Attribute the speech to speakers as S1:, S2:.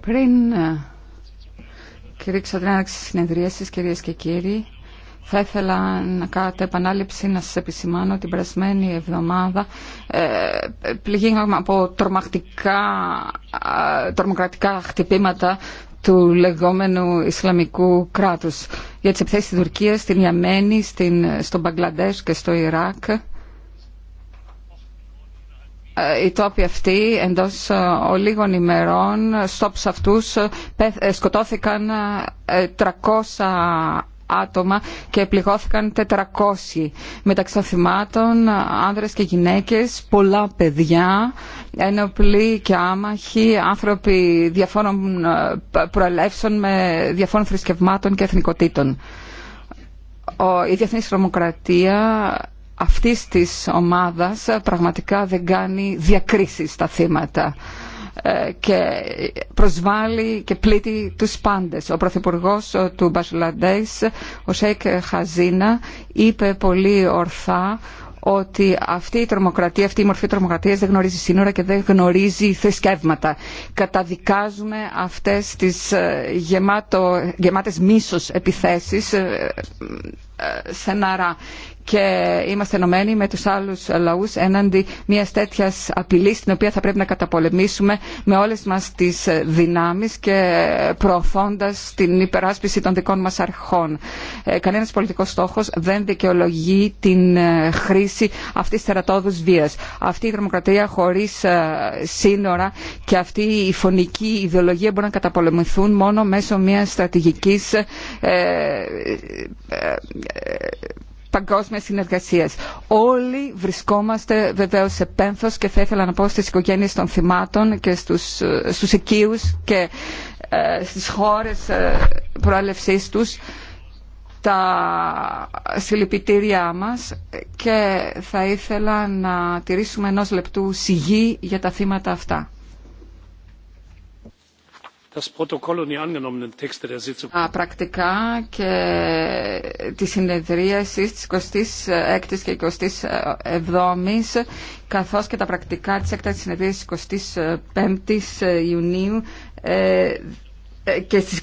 S1: Πριν ε, κηρύξω την άνοιξη συνεδρίασης, κύριε και κύριοι, θα ήθελα να κάνω επανάληψη να σα επισημάνω την περασμένη εβδομάδα ε, από τρομακτικά, ε, τρομοκρατικά χτυπήματα του λεγόμενου Ισλαμικού κράτους για τις επιθέσεις στην Τουρκία, στην Ιαμένη, στον στο και στο Ιράκ ε, οι τόποι αυτοί εντός ε, ολίγων ημερών στόπους αυτούς ε, σκοτώθηκαν 300 άτομα και πληγώθηκαν 400. Μεταξύ των θυμάτων άνδρες και γυναίκες, πολλά παιδιά, ενοπλοί και άμαχοι, άνθρωποι διαφόρων προελεύσεων με διαφόρων θρησκευμάτων και εθνικοτήτων. Η διεθνής Ρωμοκρατία αυτής της ομάδας πραγματικά δεν κάνει διακρίσεις στα θύματα ε, και προσβάλλει και πλήττει τους πάντες. Ο Πρωθυπουργό ε, του Μπασουλαντές, ο Σέικ Χαζίνα, είπε πολύ ορθά ότι αυτή η τρομοκρατία, αυτή η μορφή τρομοκρατία δεν γνωρίζει σύνορα και δεν γνωρίζει θρησκεύματα. Καταδικάζουμε αυτές τις ε, γεμάτο, γεμάτες μίσος επιθέσεις ε, σενάρα και είμαστε ενωμένοι με τους άλλους λαούς έναντι μια τέτοιας απειλής την οποία θα πρέπει να καταπολεμήσουμε με όλες μας τις δυνάμεις και προωθώντας την υπεράσπιση των δικών μας αρχών. Ε, κανένας πολιτικός στόχος δεν δικαιολογεί την ε, χρήση αυτής θερατόδους βίας. Αυτή η δημοκρατία χωρίς σύνορα και αυτή η φωνική ιδεολογία μπορεί να καταπολεμηθούν μόνο μέσω μιας στρατηγικής ε, παγκόσμιας συνεργασίας. Όλοι βρισκόμαστε βεβαίως σε πένθος και θα ήθελα να πω στις οικογένειες των θυμάτων και στους, ε, στους οικείους και ε, στις χώρες ε, τους τα συλληπιτήριά μας και θα ήθελα να τηρήσουμε ενός λεπτού σιγή για τα θύματα αυτά. Τα πρακτικά και τη συνεδρίαση τη 26η και 27η, καθώ και τα πρακτικά τη έκτατη συνεδρίαση τη 25η Ιουνίου και στις